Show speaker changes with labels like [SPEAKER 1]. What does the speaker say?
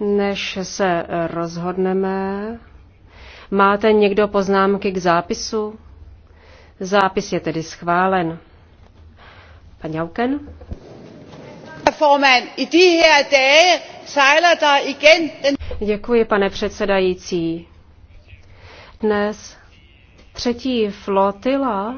[SPEAKER 1] než se rozhodneme, máte někdo poznámky k zápisu? Zápis je tedy schválen. Pan Jauken?
[SPEAKER 2] Děkuji, pane předsedající. Dnes
[SPEAKER 3] třetí flotila